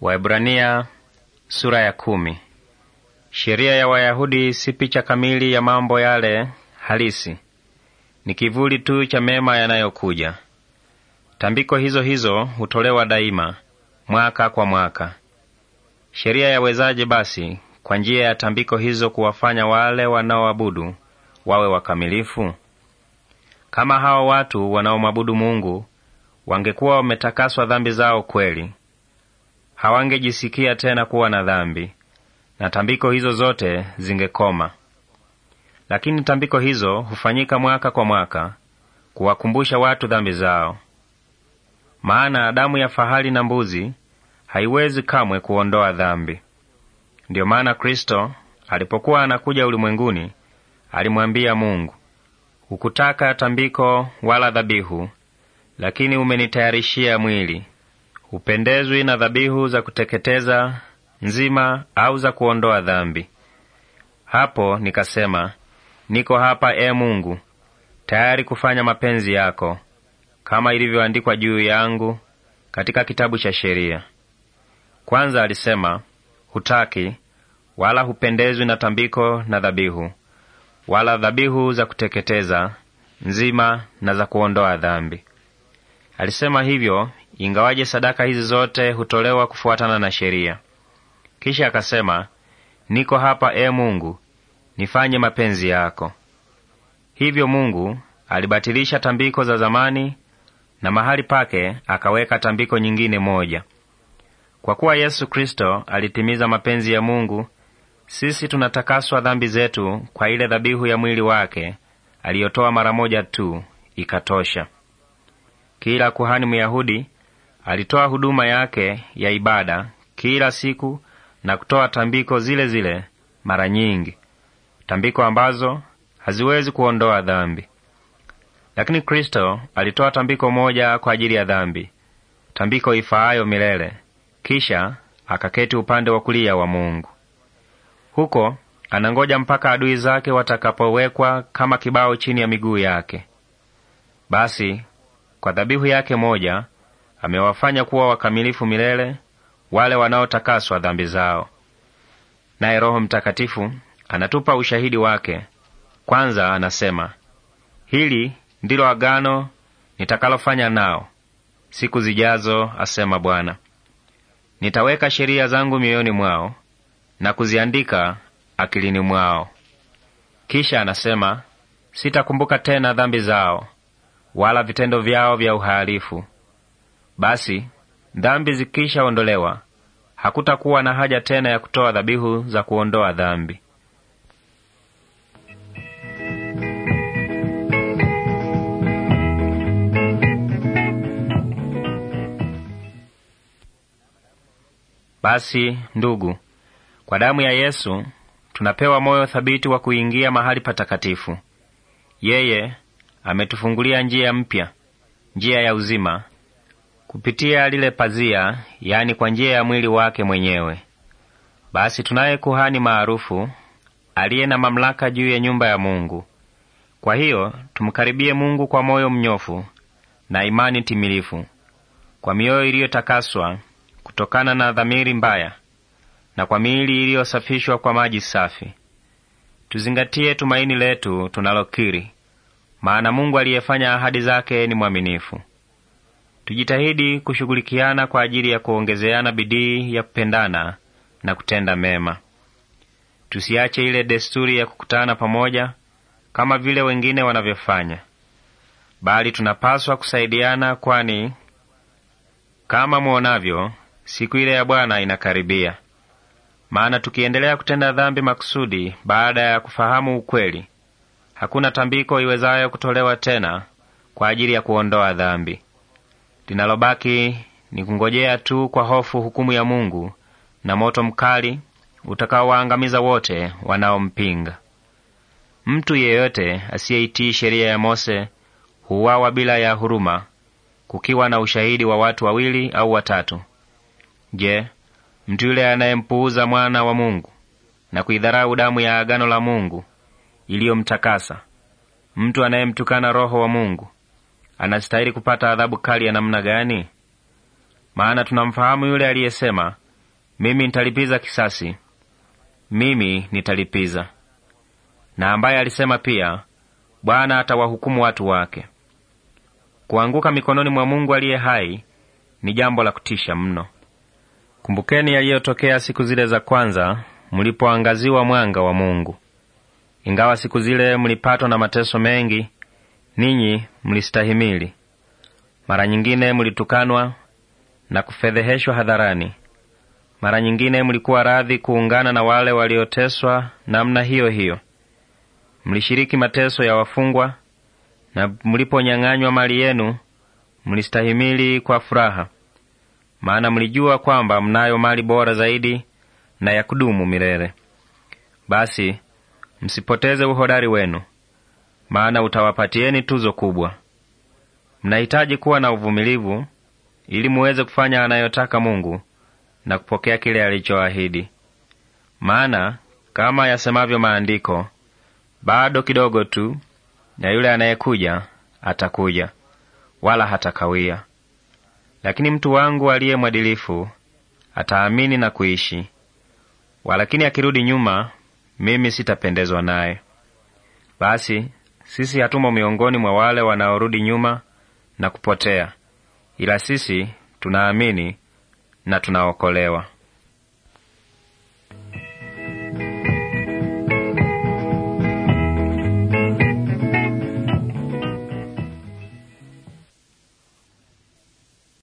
Waebrania sura ya kumi. Sheria ya Wayahudi si picha kamili ya mambo yale halisi, ni kivuli tu cha mema yanayokuja. Tambiko hizo hizo hutolewa daima mwaka kwa mwaka. Sheria yawezaje basi kwa njia ya tambiko hizo kuwafanya wale wanaoabudu wawe wakamilifu? Kama hawa watu wanaomwabudu Mungu wangekuwa wametakaswa dhambi zao kweli, hawangejisikia tena kuwa na dhambi na tambiko hizo zote zingekoma. Lakini tambiko hizo hufanyika mwaka kwa mwaka kuwakumbusha watu dhambi zao. Maana damu ya fahali na mbuzi haiwezi kamwe kuondoa dhambi. Ndiyo maana Kristo alipokuwa anakuja ulimwenguni alimwambia Mungu, hukutaka tambiko wala dhabihu, lakini umenitayarishia mwili hupendezwi na dhabihu za kuteketeza nzima au za kuondoa dhambi. Hapo nikasema, niko hapa, e Mungu, tayari kufanya mapenzi yako kama ilivyoandikwa juu yangu katika kitabu cha sheria. Kwanza alisema, hutaki wala hupendezwi na tambiko na dhabihu wala dhabihu za kuteketeza nzima na za kuondoa dhambi. Alisema hivyo ingawaje sadaka hizi zote hutolewa kufuatana na sheria. Kisha akasema, niko hapa, e Mungu, nifanye mapenzi yako. Hivyo Mungu alibatilisha tambiko za zamani na mahali pake akaweka tambiko nyingine moja. Kwa kuwa Yesu Kristo alitimiza mapenzi ya Mungu, sisi tunatakaswa dhambi zetu kwa ile dhabihu ya mwili wake aliyotoa mara moja tu, ikatosha. Kila kuhani Myahudi Alitoa huduma yake ya ibada kila siku na kutoa tambiko zile zile mara nyingi, tambiko ambazo haziwezi kuondoa dhambi. Lakini Kristo alitoa tambiko moja kwa ajili ya dhambi, tambiko ifaayo milele, kisha akaketi upande wa kulia wa Mungu. Huko anangoja mpaka adui zake watakapowekwa kama kibao chini ya miguu yake. Basi kwa dhabihu yake moja amewafanya kuwa wakamilifu milele wale wanaotakaswa dhambi zao. Naye Roho Mtakatifu anatupa ushahidi wake. Kwanza anasema, hili ndilo agano nitakalofanya nao siku zijazo, asema Bwana, nitaweka sheria zangu mioyoni mwao na kuziandika akilini mwao. Kisha anasema, sitakumbuka tena dhambi zao wala vitendo vyao vya uhalifu. Basi dhambi zikishaondolewa, hakutakuwa na haja tena ya kutoa dhabihu za kuondoa dhambi. Basi ndugu, kwa damu ya Yesu tunapewa moyo thabiti wa kuingia mahali patakatifu. Yeye ametufungulia njia mpya, njia ya uzima, kupitia lile pazia, yani kwa njia ya mwili wake mwenyewe. Basi tunaye kuhani maarufu aliye na mamlaka juu ya nyumba ya Mungu. Kwa hiyo tumkaribie Mungu kwa moyo mnyofu na imani timilifu, kwa mioyo iliyotakaswa kutokana na dhamiri mbaya, na kwa miili iliyosafishwa kwa maji safi. Tuzingatie tumaini letu tunalokiri, maana Mungu aliyefanya ahadi zake ni mwaminifu. Tujitahidi kushughulikiana kwa ajili ya kuongezeana bidii ya kupendana na kutenda mema. Tusiache ile desturi ya kukutana pamoja kama vile wengine wanavyofanya, bali tunapaswa kusaidiana, kwani kama mwonavyo, siku ile ya Bwana inakaribia. Maana tukiendelea kutenda dhambi makusudi baada ya kufahamu ukweli, hakuna tambiko iwezayo kutolewa tena kwa ajili ya kuondoa dhambi. Linalobaki ni kungojea tu kwa hofu hukumu ya Mungu na moto mkali utakaowaangamiza wote wanaompinga. Mtu yeyote asiyeitii sheria ya Mose huuawa bila ya huruma, kukiwa na ushahidi wa watu wawili au watatu. Je, mtu yule anayempuuza mwana wa Mungu na kuidharau damu ya agano la Mungu iliyomtakasa, mtu anayemtukana Roho wa Mungu anastahili kupata adhabu kali ya namna gani? Maana tunamfahamu yule aliyesema, mimi nitalipiza kisasi, mimi nitalipiza, na ambaye alisema pia, Bwana atawahukumu watu wake. Kuanguka mikononi mwa Mungu aliye hai ni jambo la kutisha mno. Kumbukeni yaliyotokea siku zile za kwanza mlipoangaziwa mwanga wa Mungu. Ingawa siku zile mlipatwa na mateso mengi, ninyi mlistahimili. Mara nyingine mlitukanwa na kufedheheshwa hadharani. Mara nyingine mlikuwa radhi kuungana na wale walioteswa namna hiyo hiyo. Mlishiriki mateso ya wafungwa, na mliponyang'anywa mali yenu mlistahimili kwa furaha, maana mlijua kwamba mnayo mali bora zaidi na ya kudumu milele. Basi msipoteze uhodari wenu, maana utawapatieni tuzo kubwa. Mnahitaji kuwa na uvumilivu ili muweze kufanya anayotaka Mungu na kupokea kile alichoahidi. Maana kama yasemavyo Maandiko, bado kidogo tu, na yule anayekuja atakuja, wala hatakawia. Lakini mtu wangu aliye mwadilifu ataamini na kuishi, walakini akirudi nyuma, mimi sitapendezwa naye. Basi sisi hatumo miongoni mwa wale wanaorudi nyuma na kupotea, ila sisi tunaamini na tunaokolewa.